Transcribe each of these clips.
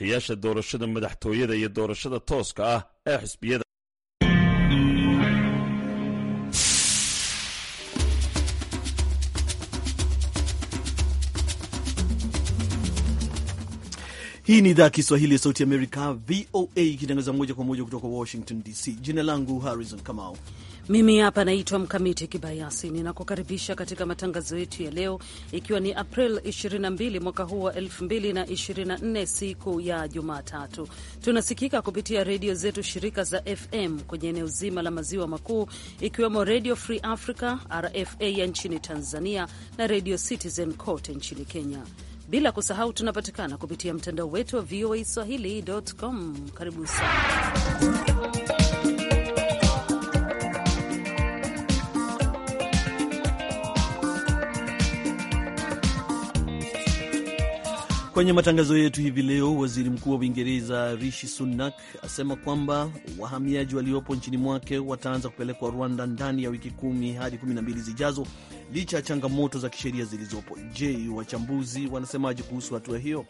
bixiyaasha doorashada madaxtooyada iyo doorashada tooska ah ee xisbiyada Hii ni idhaa Kiswahili ya Sauti Amerika, VOA, ikitangaza moja kwa moja kutoka Washington DC. Jina langu Harrison Kamau mimi hapa naitwa Mkamiti Kibayasi, ninakukaribisha katika matangazo yetu ya leo, ikiwa ni April 22 mwaka huu wa 2024, siku ya Jumatatu. Tunasikika kupitia redio zetu shirika za FM kwenye eneo zima la maziwa makuu, ikiwemo Redio Free Africa, RFA ya nchini Tanzania na Redio Citizen kote nchini Kenya, bila kusahau tunapatikana kupitia mtandao wetu wa VOA swahili.com. Karibu sana Kwenye matangazo yetu hivi leo, waziri mkuu wa Uingereza Rishi Sunak asema kwamba wahamiaji waliopo nchini mwake wataanza kupelekwa Rwanda ndani ya wiki kumi hadi kumi na mbili zijazo licha ya changamoto za kisheria zilizopo. Je, wachambuzi wanasemaje kuhusu hatua hiyo?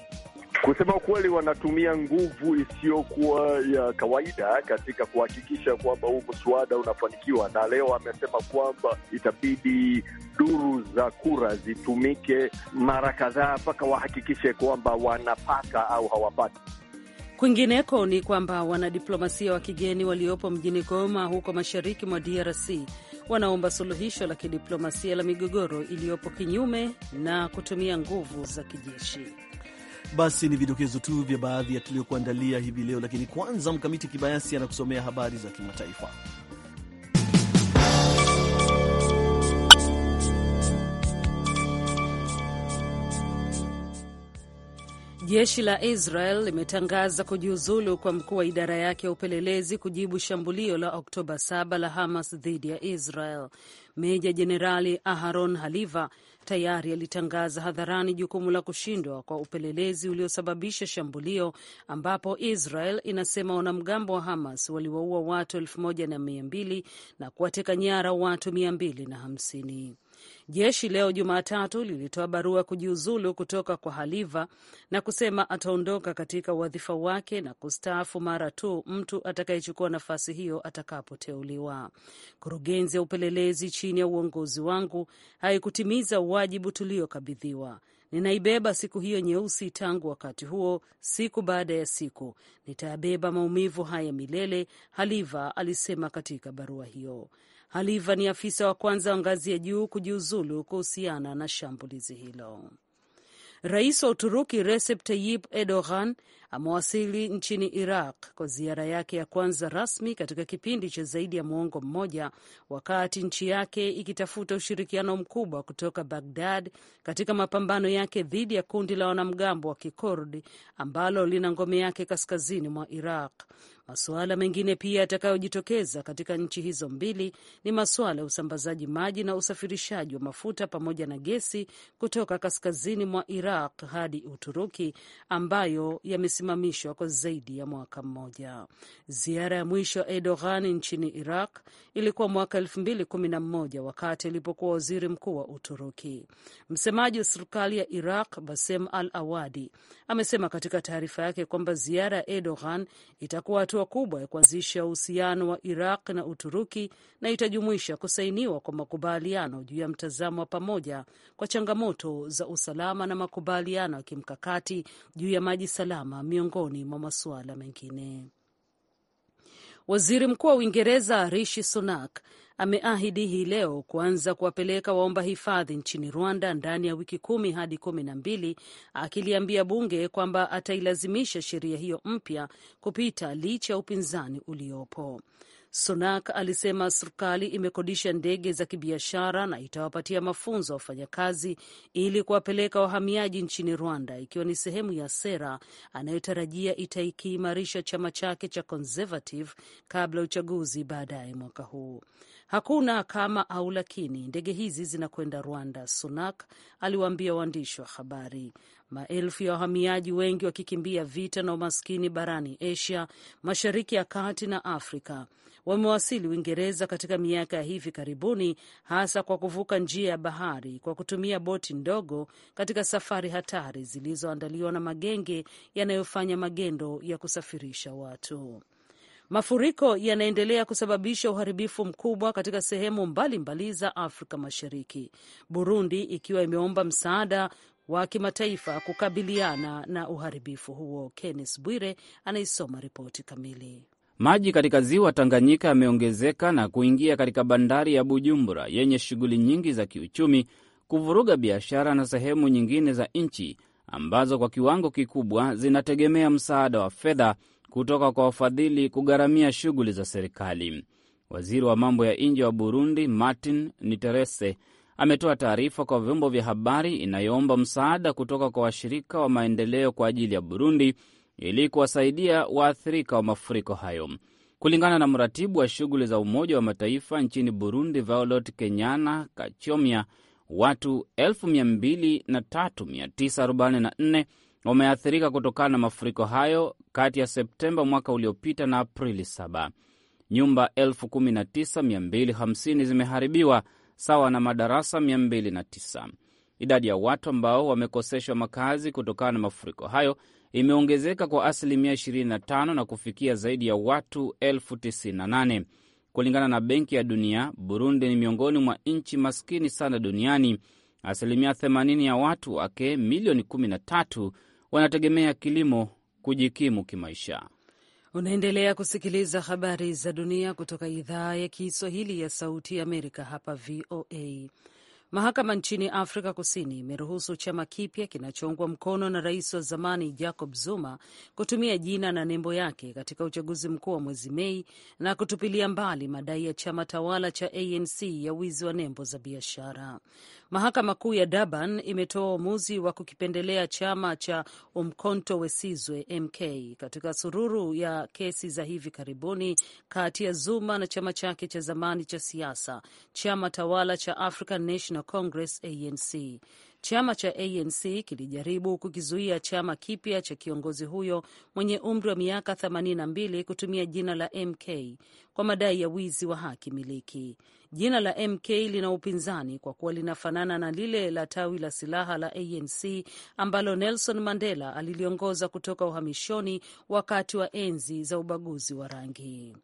Kusema ukweli, wanatumia nguvu isiyokuwa ya kawaida katika kuhakikisha kwamba huu mswada unafanikiwa, na leo amesema kwamba itabidi duru za kura zitumike mara kadhaa mpaka wahakikishe kwamba wanapata au hawapati. Kwingineko ni kwamba wanadiplomasia wa kigeni waliopo mjini Goma huko mashariki mwa DRC wanaomba suluhisho la kidiplomasia la migogoro iliyopo kinyume na kutumia nguvu za kijeshi. Basi ni vidokezo tu vya baadhi ya tuliyokuandalia hivi leo, lakini kwanza Mkamiti Kibayasi anakusomea habari za kimataifa. Jeshi la Israel limetangaza kujiuzulu kwa mkuu wa idara yake ya upelelezi kujibu shambulio la Oktoba 7 la Hamas dhidi ya Israel. Meja Jenerali Aharon Haliva tayari alitangaza hadharani jukumu la kushindwa kwa upelelezi uliosababisha shambulio ambapo Israel inasema wanamgambo wa Hamas waliwaua watu elfu moja na mia mbili na kuwateka nyara watu mia mbili na hamsini. Jeshi leo Jumatatu lilitoa barua kujiuzulu kutoka kwa Haliva na kusema ataondoka katika wadhifa wake na kustaafu mara tu mtu atakayechukua nafasi hiyo atakapoteuliwa. Kurugenzi ya upelelezi chini ya uongozi wangu haikutimiza wajibu tuliokabidhiwa. Ninaibeba siku hiyo nyeusi tangu wakati huo, siku baada ya siku. Nitayabeba maumivu haya milele, Haliva alisema katika barua hiyo. Haliva ni afisa wa kwanza wa ngazi ya juu kujiuzulu kuhusiana na shambulizi hilo. Rais wa Uturuki Recep Tayyip Erdogan amewasili nchini Iraq kwa ziara yake ya kwanza rasmi katika kipindi cha zaidi ya muongo mmoja, wakati nchi yake ikitafuta ushirikiano mkubwa kutoka Bagdad katika mapambano yake dhidi ya kundi la wanamgambo wa Kikurdi ambalo lina ngome yake kaskazini mwa Iraq. Masuala mengine pia yatakayojitokeza katika nchi hizo mbili ni masuala ya usambazaji maji na usafirishaji wa mafuta pamoja na gesi kutoka kaskazini mwa Iraq hadi Uturuki, ambayo yamesimamishwa kwa zaidi ya mwaka mmoja. Ziara ya mwisho ya Erdogan nchini Iraq ilikuwa mwaka 2011 wakati alipokuwa waziri mkuu wa Uturuki. Msemaji wa serikali ya Iraq Basem Al Awadi amesema katika taarifa yake kwamba ziara ya Erdogan itakuwa hatua hatua kubwa ya kuanzisha uhusiano wa Iraq na Uturuki na itajumuisha kusainiwa kwa makubaliano juu ya mtazamo wa pamoja kwa changamoto za usalama na makubaliano ya kimkakati juu ya maji salama miongoni mwa masuala mengine. Waziri Mkuu wa Uingereza Rishi Sunak ameahidi hii leo kuanza kuwapeleka waomba hifadhi nchini Rwanda ndani ya wiki kumi hadi kumi na mbili, akiliambia bunge kwamba atailazimisha sheria hiyo mpya kupita licha ya upinzani uliopo. Sunak alisema serikali imekodisha ndege za kibiashara na itawapatia mafunzo wafanyakazi ili kuwapeleka wahamiaji nchini Rwanda, ikiwa ni sehemu ya sera anayotarajia itaikiimarisha chama chake cha Conservative kabla ya uchaguzi baadaye mwaka huu. Hakuna kama au lakini, ndege hizi zinakwenda Rwanda, Sunak aliwaambia waandishi wa habari. Maelfu ya wahamiaji, wengi wakikimbia vita na umaskini barani Asia, mashariki ya kati na Afrika, wamewasili Uingereza katika miaka ya hivi karibuni, hasa kwa kuvuka njia ya bahari kwa kutumia boti ndogo, katika safari hatari zilizoandaliwa na magenge yanayofanya magendo ya kusafirisha watu. Mafuriko yanaendelea kusababisha uharibifu mkubwa katika sehemu mbalimbali za Afrika Mashariki, Burundi ikiwa imeomba msaada wa kimataifa kukabiliana na uharibifu huo. Kenneth Bwire anaisoma ripoti kamili. Maji katika ziwa Tanganyika yameongezeka na kuingia katika bandari ya Bujumbura yenye shughuli nyingi za kiuchumi, kuvuruga biashara na sehemu nyingine za nchi ambazo kwa kiwango kikubwa zinategemea msaada wa fedha kutoka kwa wafadhili kugharamia shughuli za serikali. Waziri wa mambo ya nje wa Burundi Martin Niterese ametoa taarifa kwa vyombo vya habari inayoomba msaada kutoka kwa washirika wa maendeleo kwa ajili ya Burundi ili kuwasaidia waathirika wa mafuriko hayo. Kulingana na mratibu wa shughuli za Umoja wa Mataifa nchini Burundi, Violet Kenyana kachomia watu 23944 wameathirika kutokana na mafuriko hayo kati ya Septemba mwaka uliopita na Aprili 7. Nyumba 19250 zimeharibiwa sawa na madarasa 209. Idadi ya watu ambao wamekoseshwa makazi kutokana na mafuriko hayo imeongezeka kwa asilimia 25 na kufikia zaidi ya watu 98. Kulingana na Benki ya Dunia, Burundi ni miongoni mwa nchi maskini sana duniani. Asilimia 80 ya watu wake milioni 13 wanategemea kilimo kujikimu kimaisha. Unaendelea kusikiliza habari za dunia kutoka idhaa ya Kiswahili ya Sauti ya Amerika, hapa VOA. Mahakama nchini Afrika Kusini imeruhusu chama kipya kinachoungwa mkono na rais wa zamani Jacob Zuma kutumia jina na nembo yake katika uchaguzi mkuu wa mwezi Mei na kutupilia mbali madai ya chama tawala cha ANC ya wizi wa nembo za biashara. Mahakama Kuu ya Durban imetoa uamuzi wa kukipendelea chama cha Umkhonto wesizwe MK katika sururu ya kesi za hivi karibuni kati ya Zuma na chama chake cha zamani cha siasa, chama tawala cha African National Congress ANC. Chama cha ANC kilijaribu kukizuia chama kipya cha kiongozi huyo mwenye umri wa miaka 82 kutumia jina la MK kwa madai ya wizi wa haki miliki. Jina la MK lina upinzani kwa kuwa linafanana na lile la tawi la silaha la ANC ambalo Nelson Mandela aliliongoza kutoka uhamishoni wakati wa enzi za ubaguzi wa rangi.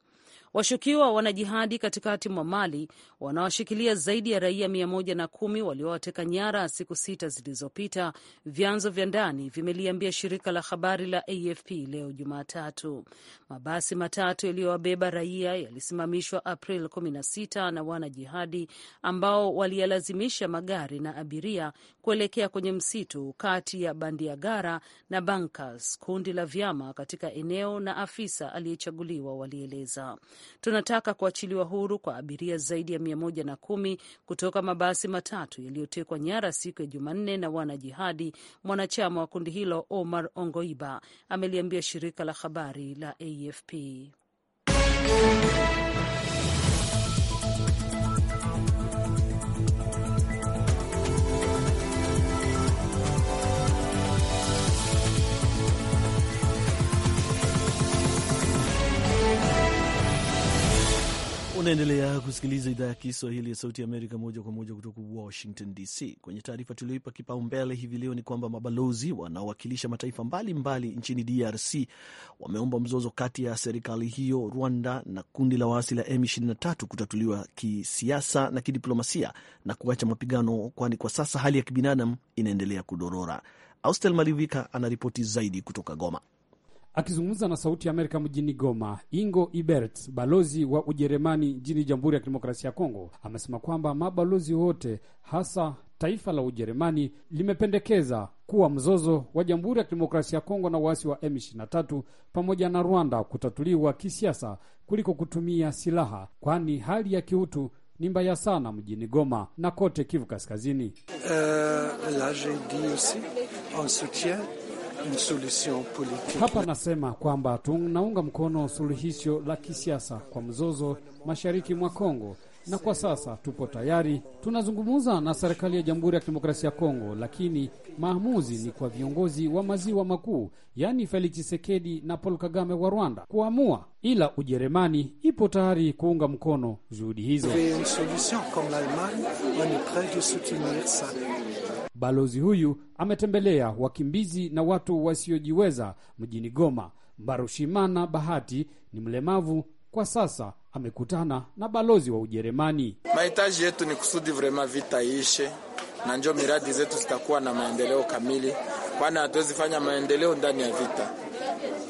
Washukiwa wanajihadi katikati mwa Mali wanawashikilia zaidi ya raia mia moja na kumi waliowateka nyara siku sita zilizopita, vyanzo vya ndani vimeliambia shirika la habari la AFP leo Jumatatu. Mabasi matatu yaliyowabeba raia yalisimamishwa April 16 na wanajihadi ambao waliyalazimisha magari na abiria kuelekea kwenye msitu kati ya Bandiagara na Bankas, kundi la vyama katika eneo na afisa aliyechaguliwa walieleza. Tunataka kuachiliwa huru kwa abiria zaidi ya mia moja na kumi kutoka mabasi matatu yaliyotekwa nyara siku ya Jumanne na wanajihadi. Mwanachama wa kundi hilo Omar Ongoiba ameliambia shirika la habari la AFP. Unaendelea kusikiliza idhaa ya Kiswahili ya Sauti ya Amerika moja kwa moja kutoka Washington DC. Kwenye taarifa tulioipa kipaumbele hivi leo ni kwamba mabalozi wanaowakilisha mataifa mbalimbali mbali nchini DRC wameomba mzozo kati ya serikali hiyo, Rwanda na kundi la waasi la M23 kutatuliwa kisiasa na kidiplomasia na kuacha mapigano, kwani kwa sasa hali ya kibinadamu inaendelea kudorora. Austel Malivika anaripoti zaidi kutoka Goma. Akizungumza na Sauti ya Amerika mjini Goma, Ingo Ibert, balozi wa Ujerumani nchini Jamhuri ya Kidemokrasia ya Kongo, amesema kwamba mabalozi wote hasa taifa la Ujerumani limependekeza kuwa mzozo wa Jamhuri ya Kidemokrasia ya Kongo na waasi wa M23 pamoja na Rwanda kutatuliwa kisiasa kuliko kutumia silaha, kwani hali ya kiutu ni mbaya sana mjini Goma na kote Kivu Kaskazini. Uh, solution politique. Hapa anasema kwamba tunaunga mkono suluhisho la kisiasa kwa mzozo mashariki mwa Kongo, na kwa sasa tupo tayari, tunazungumza na serikali ya Jamhuri ya Kidemokrasia ya Kongo, lakini maamuzi ni kwa viongozi wa maziwa makuu, yaani Felix Tshisekedi na Paul Kagame wa Rwanda kuamua, ila Ujerumani ipo tayari kuunga mkono juhudi hizo. Balozi huyu ametembelea wakimbizi na watu wasiojiweza mjini Goma. Mbarushimana Bahati ni mlemavu kwa sasa amekutana na balozi wa Ujerumani. Mahitaji yetu ni kusudi vrema vita iishe, na njo miradi zetu zitakuwa na maendeleo kamili, kwani hatuwezi fanya maendeleo ndani ya vita.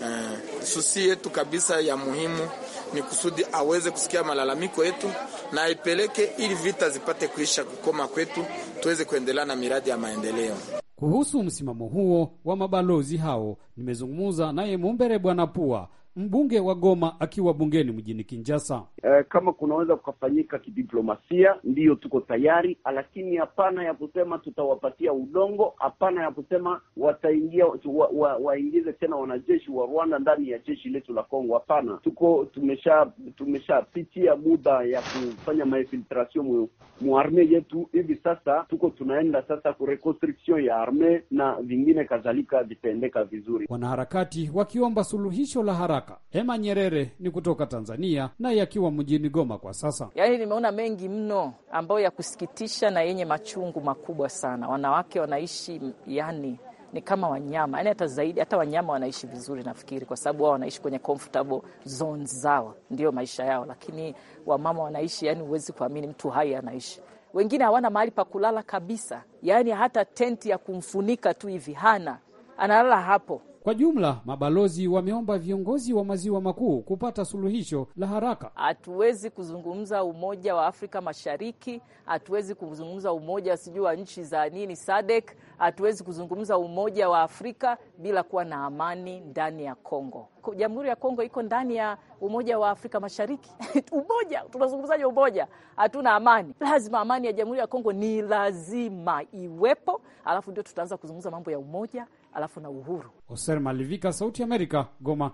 Eh, susi yetu kabisa ya muhimu ni kusudi aweze kusikia malalamiko yetu na aipeleke ili vita zipate kuisha kukoma kwetu, tuweze kuendelea na miradi ya maendeleo. Kuhusu msimamo huo wa mabalozi hao, nimezungumza naye Mumbere Bwana Pua mbunge wa Goma akiwa bungeni mjini Kinjasa. E, eh, kama kunaweza kukafanyika kidiplomasia, ndiyo tuko tayari, lakini hapana ya kusema tutawapatia udongo, hapana ya kusema wataingia wa, wa, waingize tena wanajeshi wa Rwanda ndani ya jeshi letu la Kongo. Hapana, tuko tumesha tumeshapitia muda ya kufanya mainfiltration mu arme yetu. Hivi sasa tuko tunaenda sasa kureconstruction ya arme na vingine kadhalika, vitaendeka vizuri. Wanaharakati wakiomba suluhisho la haraka madaraka. Ema Nyerere ni kutoka Tanzania, naye akiwa mjini Goma kwa sasa. Yaani nimeona mengi mno ambayo ya kusikitisha na yenye machungu makubwa sana. Wanawake wanaishi yani ni kama wanyama, yani hata zaidi, hata wanyama wanaishi vizuri nafikiri, kwa sababu wao wanaishi kwenye comfortable zones zao, ndio maisha yao, lakini wamama wanaishi, yani huwezi kuamini mtu hai anaishi wengine hawana mahali pa kulala kabisa, yaani hata tenti ya kumfunika tu hivi hana, analala hapo. Kwa jumla, mabalozi wameomba viongozi wa maziwa makuu kupata suluhisho la haraka. Hatuwezi kuzungumza umoja wa Afrika Mashariki, hatuwezi kuzungumza umoja sijui wa nchi za nini SADC, hatuwezi kuzungumza umoja wa Afrika bila kuwa na amani ndani ya Kongo. Jamhuri ya Kongo iko ndani ya umoja wa Afrika Mashariki. Umoja tunazungumzaje? Umoja hatuna amani. Lazima amani ya Jamhuri ya Kongo ni lazima iwepo, alafu ndio tutaanza kuzungumza mambo ya umoja alafu na uhuru. Hoser Malivika, Sauti ya Amerika, Goma.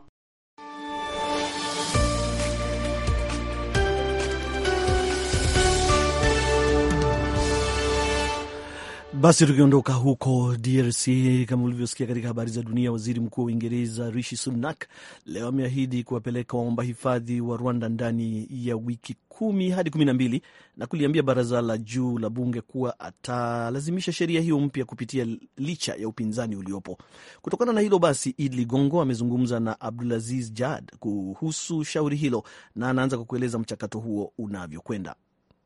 Basi tukiondoka huko DRC, kama ulivyosikia katika habari za dunia, waziri mkuu wa Uingereza Rishi Sunak leo ameahidi kuwapeleka waomba hifadhi wa Rwanda ndani ya wiki kumi hadi kumi na mbili na kuliambia baraza la juu la bunge kuwa atalazimisha sheria hiyo mpya kupitia licha ya upinzani uliopo. Kutokana na hilo basi, Id Ligongo amezungumza na Abdulaziz Jad kuhusu shauri hilo na anaanza kwa kueleza mchakato huo unavyokwenda.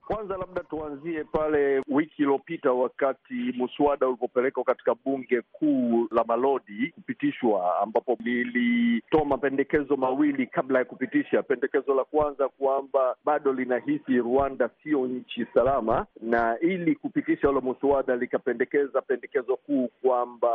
Kwanza labda tuanzie pale wiki iliyopita, wakati muswada ulipopelekwa katika bunge kuu la Malodi kupitishwa, ambapo lilitoa mapendekezo mawili kabla ya kupitisha. Pendekezo la kwanza kwamba bado linahisi Rwanda sio nchi salama, na ili kupitisha ule muswada likapendekeza pendekezo kuu kwamba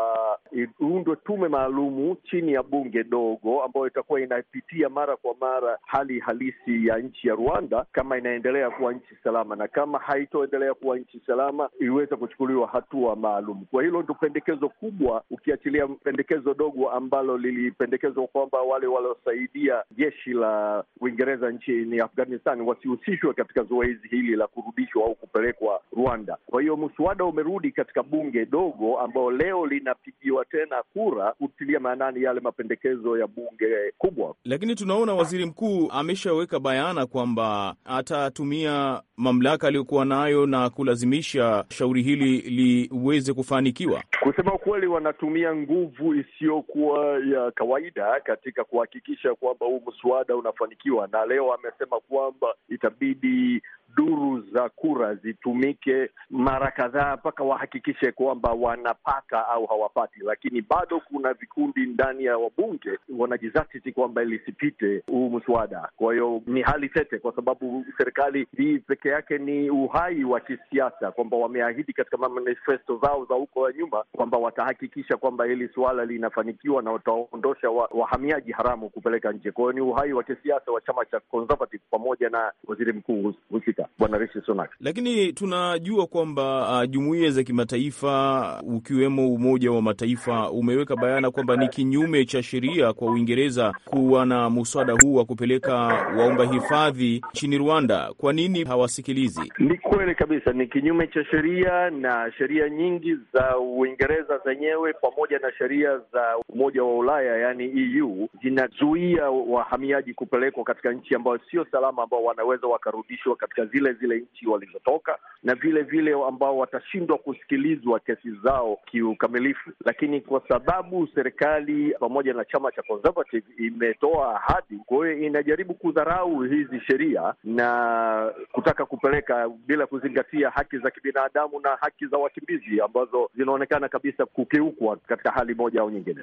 iundwe tume maalumu chini ya bunge dogo ambayo itakuwa inapitia mara kwa mara hali halisi ya nchi ya Rwanda kama inaendelea kuwa nchi salama salama, na kama haitoendelea kuwa nchi salama iweze kuchukuliwa hatua maalum. Kwa hilo ndo pendekezo kubwa, ukiachilia pendekezo dogo ambalo lilipendekezwa kwamba wale waliosaidia jeshi la Uingereza nchini Afghanistan wasihusishwe katika zoezi hili la kurudishwa au kupelekwa Rwanda. Kwa hiyo mswada umerudi katika bunge dogo ambao leo linapigiwa tena kura kutilia maanani yale mapendekezo ya bunge kubwa, lakini tunaona waziri mkuu ameshaweka bayana kwamba atatumia mamlaka aliyokuwa nayo na kulazimisha shauri hili liweze kufanikiwa? Kusema ukweli, wanatumia nguvu isiyokuwa ya kawaida katika kuhakikisha kwamba huu mswada unafanikiwa, na leo amesema kwamba itabidi duru za kura zitumike mara kadhaa mpaka wahakikishe kwamba wanapata au hawapati, lakini bado kuna vikundi ndani ya wabunge wanajizatiti kwamba lisipite huu mswada. Kwa hiyo ni hali tete, kwa sababu serikali hii peke yake ni uhai wa kisiasa, kwamba wameahidi katika manifesto zao za huko ya nyuma kwamba watahakikisha kwamba hili suala linafanikiwa na wataondosha wa, wahamiaji haramu kupeleka nje. Kwa hiyo ni uhai wa kisiasa wa chama cha Conservative pamoja na waziri mkuu husika. Afrika Bwana Rishi Sunak. Lakini tunajua kwamba uh, jumuiya za kimataifa ukiwemo Umoja wa Mataifa umeweka bayana kwamba ni kinyume cha sheria kwa Uingereza kuwa na muswada huu wa kupeleka waomba hifadhi nchini Rwanda. Kwa nini hawasikilizi? Ni kweli kabisa, ni kinyume cha sheria na sheria nyingi za Uingereza zenyewe pamoja na sheria za Umoja wa Ulaya yani EU zinazuia wahamiaji kupelekwa katika nchi ambayo sio salama, ambao wanaweza wakarudishwa katika zile zile nchi walizotoka, na vile vile ambao watashindwa kusikilizwa kesi zao kiukamilifu. Lakini kwa sababu serikali pamoja na chama cha Conservative imetoa ahadi, kwa hiyo inajaribu kudharau hizi sheria na kutaka kupeleka bila kuzingatia haki za kibinadamu na haki za wakimbizi ambazo zinaonekana kabisa kukiukwa katika hali moja au nyingine.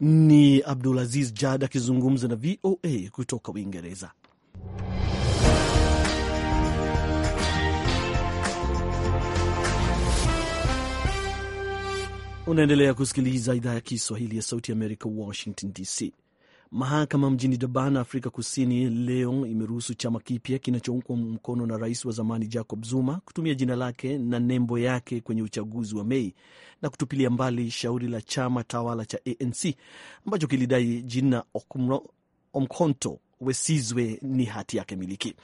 Ni Abdulaziz Jad akizungumza na VOA kutoka Uingereza. Unaendelea kusikiliza idhaa ya Kiswahili ya Sauti Amerika, Washington DC. Mahakama mjini Durban, Afrika Kusini, leo imeruhusu chama kipya kinachoungwa mkono na rais wa zamani Jacob Zuma kutumia jina lake na nembo yake kwenye uchaguzi wa Mei na kutupilia mbali shauri la chama tawala cha ANC ambacho kilidai jina Okumro, Omkhonto Wesizwe ni hati yake miliki.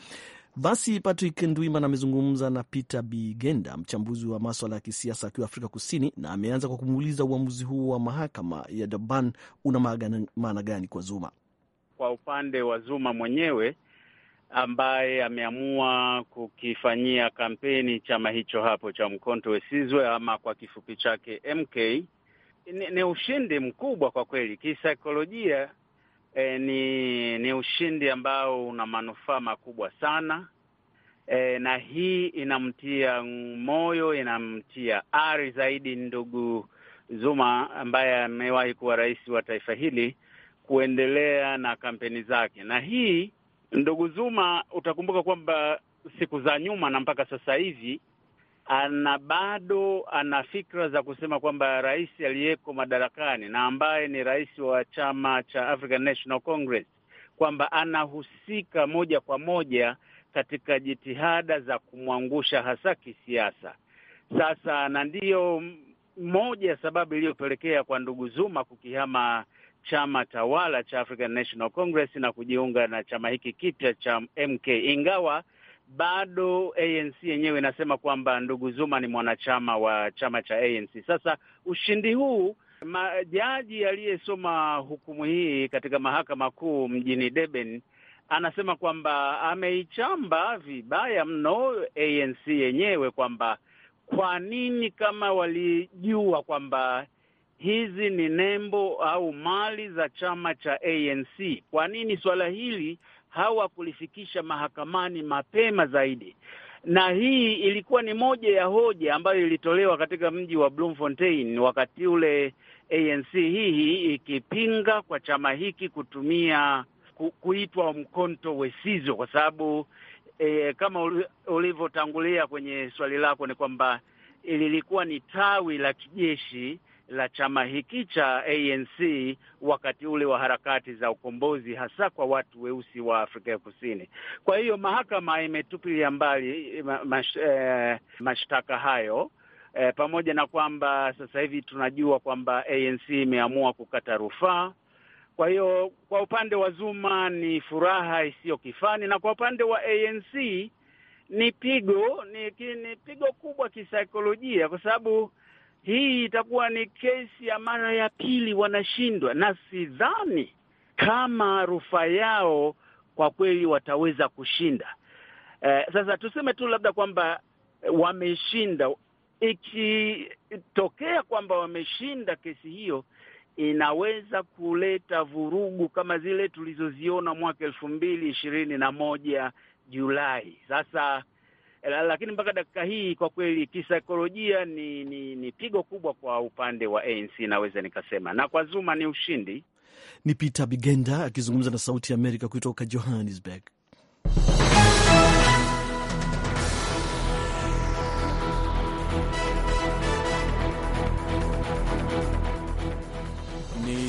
Basi Patrick Ndwiman amezungumza na Peter Bigenda, mchambuzi wa maswala ya kisiasa akiwa Afrika Kusini, na ameanza kwa kumuuliza uamuzi huo wa mahakama ya Durban una maana gani kwa Zuma. Kwa upande wa Zuma mwenyewe ambaye ameamua kukifanyia kampeni chama hicho hapo cha Mkhonto we Sizwe ama kwa kifupi chake MK, ni, ni ushindi mkubwa kwa kweli kisaikolojia e, ni ni ushindi ambao una manufaa makubwa sana e, na hii inamtia moyo, inamtia ari zaidi ndugu Zuma ambaye amewahi kuwa rais wa taifa hili kuendelea na kampeni zake. Na hii ndugu Zuma, utakumbuka kwamba siku za nyuma na mpaka sasa hivi ana bado ana fikra za kusema kwamba rais aliyeko madarakani na ambaye ni rais wa chama cha African National Congress kwamba anahusika moja kwa moja katika jitihada za kumwangusha hasa kisiasa. Sasa, na ndiyo moja ya sababu iliyopelekea kwa ndugu Zuma kukihama chama tawala cha African National Congress na kujiunga na chama hiki kipya cha MK, ingawa bado ANC yenyewe inasema kwamba ndugu Zuma ni mwanachama wa chama cha ANC. Sasa ushindi huu majaji aliyesoma hukumu hii katika mahakama kuu mjini Durban anasema kwamba ameichamba vibaya mno ANC yenyewe, kwamba kwa nini kama walijua kwamba hizi ni nembo au mali za chama cha ANC, kwa nini suala hili hawakulifikisha mahakamani mapema zaidi, na hii ilikuwa ni moja ya hoja ambayo ilitolewa katika mji wa Bloemfontein wakati ule ANC hii ikipinga kwa chama hiki kutumia ku, kuitwa mkonto wesizo kwa sababu e, kama ulivyotangulia kwenye swali lako ni kwamba ililikuwa ni tawi la kijeshi la chama hiki cha ANC wakati ule wa harakati za ukombozi, hasa kwa watu weusi wa Afrika ya Kusini. Kwa hiyo mahakama imetupilia mbali eh, mash, eh, mashtaka hayo eh, pamoja na kwamba sasa hivi tunajua kwamba ANC imeamua kukata rufaa. Kwa hiyo kwa upande wa Zuma ni furaha isiyo kifani, na kwa upande wa ANC ni pigo, ni, ni pigo kubwa kisaikolojia kwa sababu hii itakuwa ni kesi ya mara ya pili wanashindwa, na sidhani kama rufaa yao kwa kweli wataweza kushinda. Eh, sasa tuseme tu labda kwamba wameshinda. Ikitokea kwamba wameshinda kesi hiyo, inaweza kuleta vurugu kama zile tulizoziona mwaka elfu mbili ishirini na moja Julai. Sasa Eh, lakini mpaka dakika hii kwa kweli kisaikolojia ni, ni, ni pigo kubwa kwa upande wa ANC naweza nikasema, na kwa Zuma ni ushindi. Ni Peter Bigenda akizungumza na Sauti ya Amerika kutoka Johannesburg.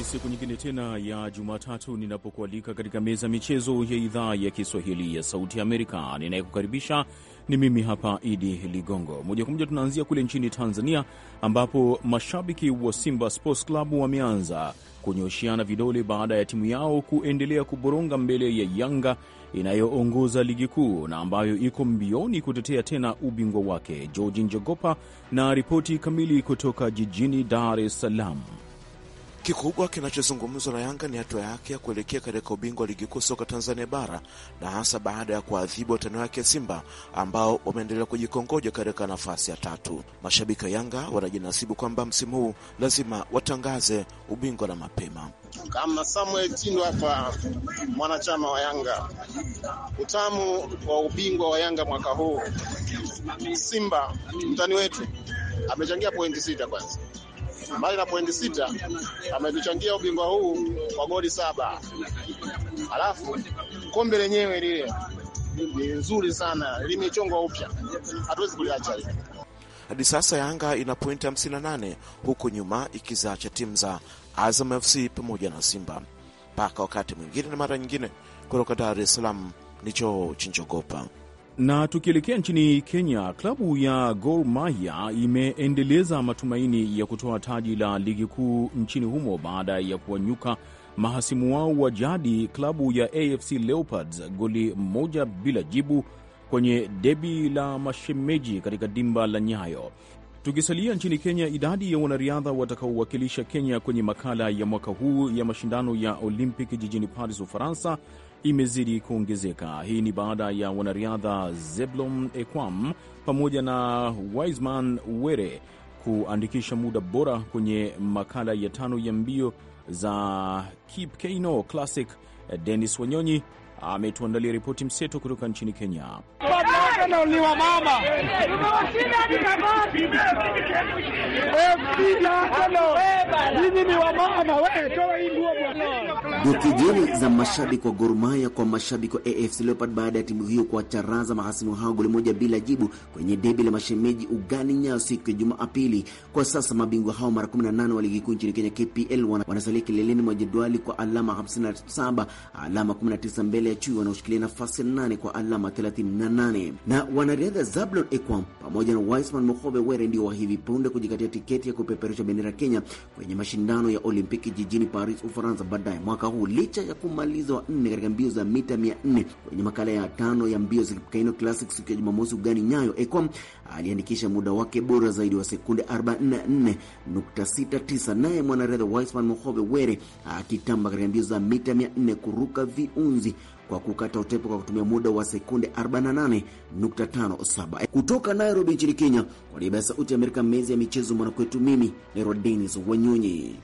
siku nyingine tena ya Jumatatu ninapokualika katika meza michezo ya idhaa ya Kiswahili ya Sauti Amerika. Ninayekukaribisha ni mimi hapa Idi Ligongo. Moja kwa moja tunaanzia kule nchini Tanzania, ambapo mashabiki wa Simba Sports Club wameanza kunyoshiana vidole baada ya timu yao kuendelea kuboronga mbele ya Yanga inayoongoza ligi kuu na ambayo iko mbioni kutetea tena ubingwa wake. Georgi Njogopa na ripoti kamili kutoka jijini Dar es Salaam. Kikubwa kinachozungumzwa na Yanga ni hatua yake ya kuelekea katika ubingwa wa ligi kuu soka Tanzania bara na hasa baada ya kuadhibu watani wake Simba ambao wameendelea kujikongoja katika nafasi ya tatu. Mashabiki wa Yanga wanajinasibu kwamba msimu huu lazima watangaze ubingwa na mapema. Kama Samuel Tindo hapa, mwanachama wa Yanga, utamu wa ubingwa wa Yanga mwaka huu, Simba mtani wetu amechangia pointi sita kwanza mbali na pointi sita ametuchangia ubingwa huu kwa goli saba. Alafu kombe lenyewe lile ni nzuri sana, limechongwa upya, hatuwezi kuliacha hili. Hadi sasa Yanga ina pointi 58 huku nyuma ikizacha timu za Azam FC pamoja na Simba. Mpaka wakati mwingine na mara nyingine, kutoka Dar es Salaam, choo Chinjogopa. Na tukielekea nchini Kenya, klabu ya Gor Mahia imeendeleza matumaini ya kutoa taji la ligi kuu nchini humo baada ya kuwanyuka mahasimu wao wa jadi klabu ya AFC Leopards goli moja bila jibu kwenye debi la mashemeji katika dimba la Nyayo. Tukisalia nchini Kenya, idadi ya wanariadha watakaowakilisha Kenya kwenye makala ya mwaka huu ya mashindano ya Olympic jijini Paris, Ufaransa imezidi kuongezeka. Hii ni baada ya wanariadha zeblom Ekwam pamoja na Wiseman Were kuandikisha muda bora kwenye makala ya tano ya mbio za kip Kipkeino Classic. Dennis Wanyonyi ametuandalia ripoti mseto kutoka nchini Kenya tena ni wamama eh, ninyi ni wamama toa hii nguo bwana. Ni kejeli za mashabiki wa Gor Mahia kwa mashabiki wa AFC Leopards baada ya timu hiyo kuwacharaza mahasimu hao goli moja bila jibu kwenye debi la mashemeji ugani Nyayo siku ya Jumapili. Kwa sasa mabingwa hao mara 18 wa ligi kuu nchini Kenya KPL wanasalia kileleni mwa jedwali kwa alama 57, alama 19 mbele ya chui wanaoshikilia nafasi ya nane kwa alama 38 na wanariadha Zablon Ekwam pamoja na Wiseman Muhobe Were ndio wa hivi punde kujikatia tiketi ya kupeperusha bendera Kenya kwenye mashindano ya Olimpiki jijini Paris, Ufaransa, baadaye mwaka huu, licha ya kumaliza wa nne katika mbio za mita nne kwenye makala ya tano ya mbio za Kipkeino Classic siku ya Jumamosi ugani Nyayo. Ekwam aliandikisha muda wake bora zaidi wa sekunde 44.69, naye mwanariadha Wiseman Muhobe Were akitamba katika mbio za mita nne kuruka viunzi kwa kukata utepo kwa kutumia muda wa sekunde 48.57. Kutoka Nairobi nchini Kenya, kwa niaba ya Sauti ya Amerika, mezi ya michezo mwanakwetu, mimi ni Denis Wanyonyi.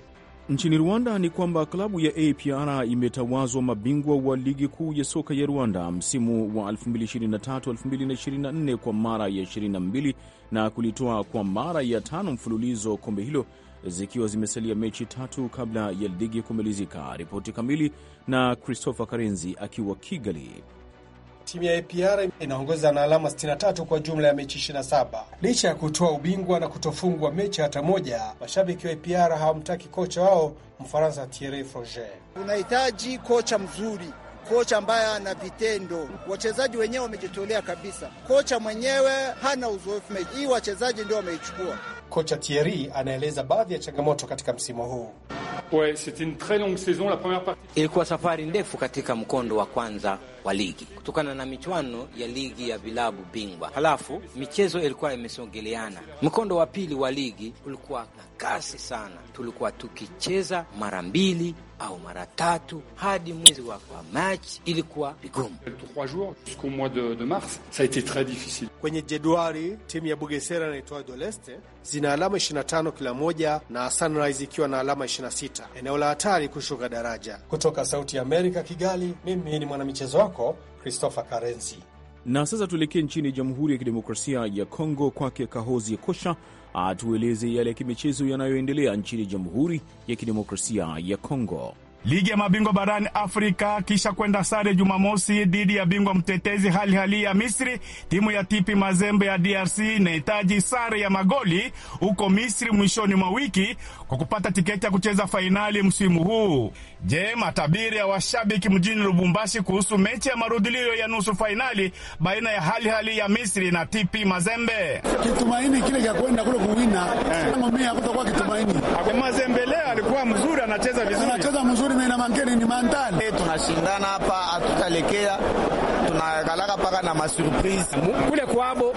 Nchini Rwanda ni kwamba klabu ya APR imetawazwa mabingwa wa ligi kuu ya soka ya Rwanda msimu wa 2023-2024 kwa mara ya 22 na kulitoa kwa mara ya tano mfululizo kombe hilo zikiwa zimesalia mechi tatu kabla ya ligi kumalizika. Ripoti kamili na Christopher Karenzi akiwa Kigali. Timu ya APR inaongoza na alama 63 kwa jumla ya mechi 27. Licha ya kutoa ubingwa na kutofungwa mechi hata moja, mashabiki wa APR hawamtaki kocha wao Mfaransa Thierry Froger. Unahitaji kocha mzuri, kocha ambaye ana vitendo. Wachezaji wenyewe wamejitolea kabisa, kocha mwenyewe hana uzoefu. Hii wachezaji ndio wameichukua Kocha Thierry anaeleza baadhi ya changamoto katika msimu huu. Ouais, une très longue saison, la première partie. Ilikuwa safari ndefu katika mkondo wa kwanza wa ligi kutokana na michuano ya ligi ya vilabu bingwa, halafu michezo ilikuwa imesongeleana. Mkondo wa pili wa ligi ulikuwa na kasi sana, tulikuwa tukicheza mara mbili au mara tatu hadi mwezi wa kwa Machi, ilikuwa vigumu. jours jusqu'au mois de, de mars, ça a été très difficile. Kwenye jedwali timu ya Bugesera na Doleste zina alama 25 kila moja na Sunrise ikiwa na alama 26, eneo la hatari kushuka daraja. Kutoka Sauti ya Amerika Kigali, mimi ni mwanamichezo wako Christopher Karenzi. Na sasa tuelekee nchini Jamhuri ya Kidemokrasia ya Kongo, kwake Kahozi Kosha atueleze yale ya kimichezo yanayoendelea nchini Jamhuri ya Kidemokrasia ya Kongo ligi ya mabingwa barani Afrika kisha kwenda sare Jumamosi dhidi ya bingwa mtetezi hali hali ya Misri. Timu ya Tipi Mazembe ya DRC inahitaji sare ya magoli huko Misri mwishoni mwa wiki kwa kupata tiketi ya kucheza fainali msimu huu. Je, matabiri ya washabiki mjini Lubumbashi kuhusu mechi ya marudhulio ya nusu fainali baina ya hali hali ya Misri na Tipi Mazembe? Kitumaini kile cha kwenda kule kuwina, eh. kitumaini monumental. Hey, eh, tunashindana hapa, hatutalekea tunakalaka paka na masurprise kule kwabo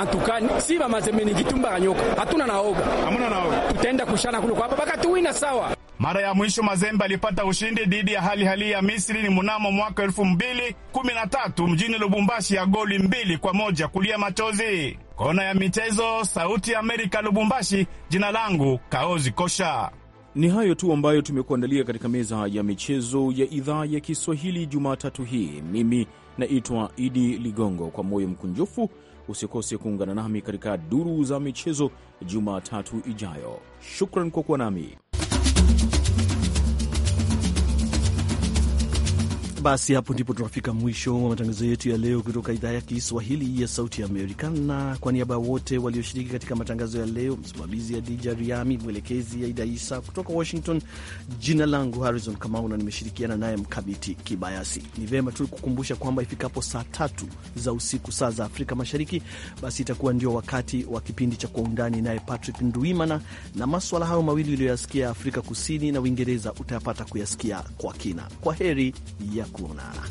antukani si mamazemeni kitumba kanyoka hatuna naoga, hamuna naoga, tutaenda kushana kule kwabo paka tuwina sawa. Mara ya mwisho Mazembe alipata ushindi dhidi ya hali hali ya Misri ni mnamo mwaka elfu mbili kumi na tatu mjini Lubumbashi ya goli mbili kwa moja. Kulia machozi, kona ya michezo, Sauti ya Amerika, Lubumbashi. Jina langu Kaozi Kosha. Ni hayo tu ambayo tumekuandalia katika meza ya michezo ya idhaa ya Kiswahili Jumatatu hii. Mimi naitwa Idi Ligongo. Kwa moyo mkunjufu, usikose kuungana nami katika duru za michezo Jumatatu ijayo. Shukran kwa kuwa nami. basi hapo ndipo tunafika mwisho wa matangazo yetu ya leo kutoka idhaa ya Kiswahili ya Sauti Amerika. Na kwa niaba ya wote walioshiriki katika matangazo ya leo, msimamizi ya Dija Riami, mwelekezi ya Ida Isa kutoka Washington, jina langu Harrison Kamau na nimeshirikiana naye Mkamiti Kibayasi. Ni vema tu kukumbusha kwamba ifikapo saa tatu za usiku saa za Afrika Mashariki, basi itakuwa ndio wakati wa kipindi cha Kwa Undani, naye Patrick Nduimana na maswala hayo mawili uliyoyasikia Afrika Kusini na Uingereza utayapata kuyasikia kwa kina. Kwa heri ya Cournard.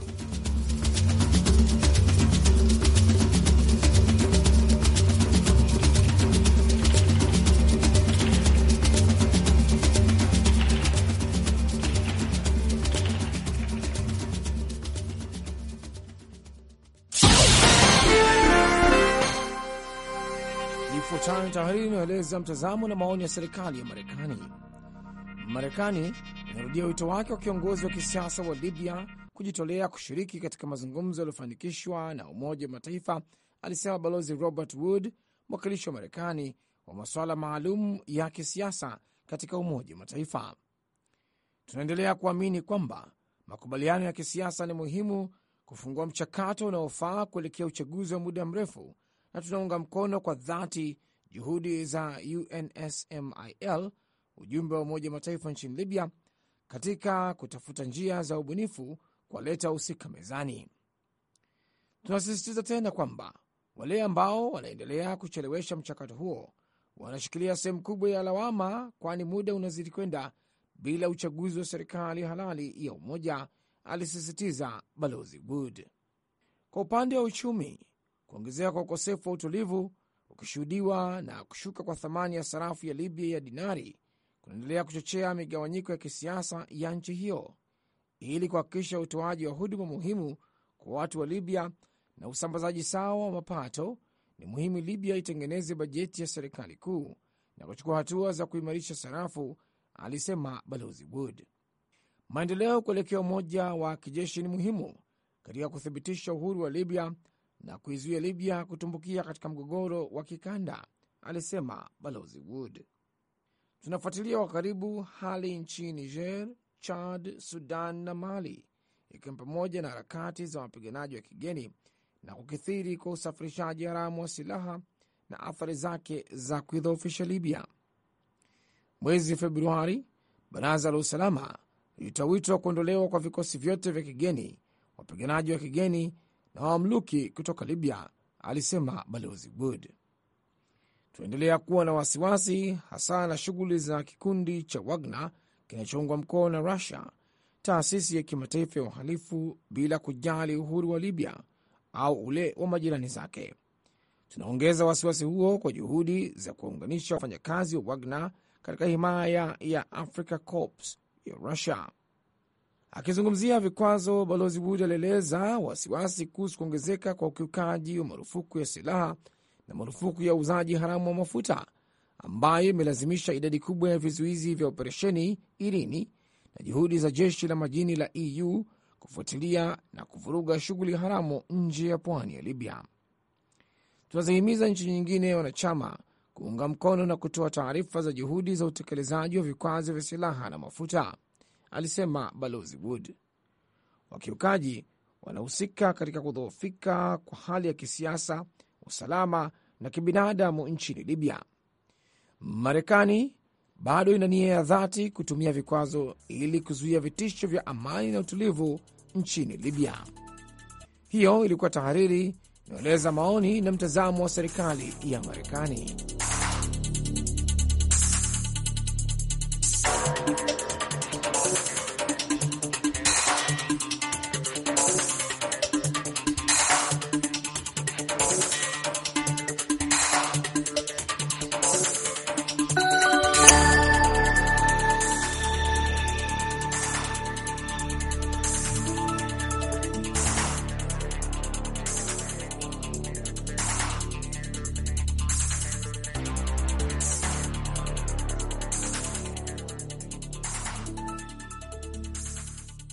Ifuatayo tahariri inayoeleza mtazamo na maoni ya serikali ya Marekani. Marekani inarudia wito wake wa kiongozi wa kisiasa wa Libya kujitolea kushiriki katika mazungumzo yaliyofanikishwa na Umoja wa Mataifa, alisema Balozi Robert Wood, mwakilishi wa Marekani wa masuala maalum ya kisiasa katika Umoja wa Mataifa. Tunaendelea kuamini kwamba makubaliano ya kisiasa ni muhimu kufungua mchakato unaofaa kuelekea uchaguzi wa muda mrefu, na tunaunga mkono kwa dhati juhudi za UNSMIL, ujumbe wa Umoja wa Mataifa nchini Libya katika kutafuta njia za ubunifu kuwaleta wahusika mezani. Tunasisitiza tena kwamba wale ambao wanaendelea kuchelewesha mchakato huo wanashikilia sehemu kubwa ya lawama, kwani muda unazidi kwenda bila uchaguzi wa serikali halali ya umoja, alisisitiza Balozi Wood. Kwa upande wa uchumi, kuongezeka kwa ukosefu wa utulivu ukishuhudiwa na kushuka kwa thamani ya sarafu ya Libya ya dinari kunaendelea kuchochea migawanyiko ya kisiasa ya nchi hiyo ili kuhakikisha utoaji wa huduma muhimu kwa watu wa Libya na usambazaji sawa wa mapato. Ni muhimu Libya itengeneze bajeti ya serikali kuu na kuchukua hatua za kuimarisha sarafu, alisema Balozi Wood. Maendeleo kuelekea umoja wa kijeshi ni muhimu katika kuthibitisha uhuru wa Libya na kuizuia Libya kutumbukia katika mgogoro wa kikanda, alisema Balozi Wood tunafuatilia kwa karibu hali nchini Niger, Chad, Sudan na Mali, ikiwa pamoja na harakati za wapiganaji wa kigeni na kukithiri kwa usafirishaji haramu wa silaha na athari zake za kuidhoofisha Libya. Mwezi Februari, baraza la usalama lilitoa wito wa kuondolewa kwa vikosi vyote vya kigeni, wapiganaji wa kigeni na wamluki kutoka Libya, alisema balozi Good tunaendelea kuwa na wasiwasi hasa na shughuli za kikundi cha Wagner kinachoungwa mkono na Rusia, taasisi ya kimataifa ya uhalifu, bila kujali uhuru wa Libya au ule wa majirani zake. Tunaongeza wasiwasi huo kwa juhudi za kuwaunganisha wafanyakazi wa Wagner katika himaya ya Africa Corps ya Russia. Akizungumzia vikwazo, Balozi Wood alieleza wasiwasi kuhusu kuongezeka kwa ukiukaji wa marufuku ya silaha na marufuku ya uuzaji haramu wa mafuta ambayo imelazimisha idadi kubwa ya vizuizi vya operesheni Irini na juhudi za jeshi la majini la EU kufuatilia na kuvuruga shughuli haramu nje ya pwani ya Libya. Tunazihimiza nchi nyingine wanachama kuunga mkono na kutoa taarifa za juhudi za utekelezaji wa vikwazo vya silaha na mafuta, alisema Balozi Wood. Wakiukaji wanahusika katika kudhoofika kwa hali ya kisiasa usalama na kibinadamu nchini Libya. Marekani bado ina nia ya dhati kutumia vikwazo ili kuzuia vitisho vya amani na utulivu nchini Libya. Hiyo ilikuwa tahariri inaeleza maoni na mtazamo wa serikali ya Marekani.